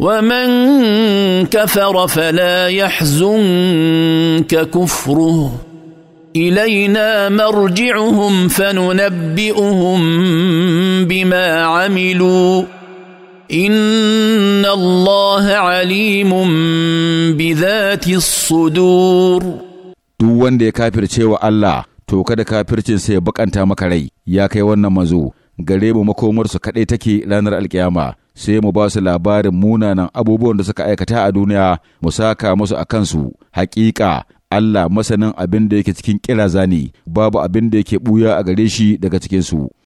ومن كفر فلا يحزنك كفره الينا مرجعهم فننبئهم بما عملوا ان الله عليم بذات الصدور duk wanda ya kafirce wa Allah to kada kafircinsa ya bakanta maka rai ya kai wannan mazo gare mu makomarsu kaɗai take ranar alkiyama sai mu ba su labarin munanan abubuwan da suka aikata a duniya mu saka musu a kansu hakika Allah masanin abin da yake cikin kiraza ne babu abin da yake buya a gare shi daga cikinsu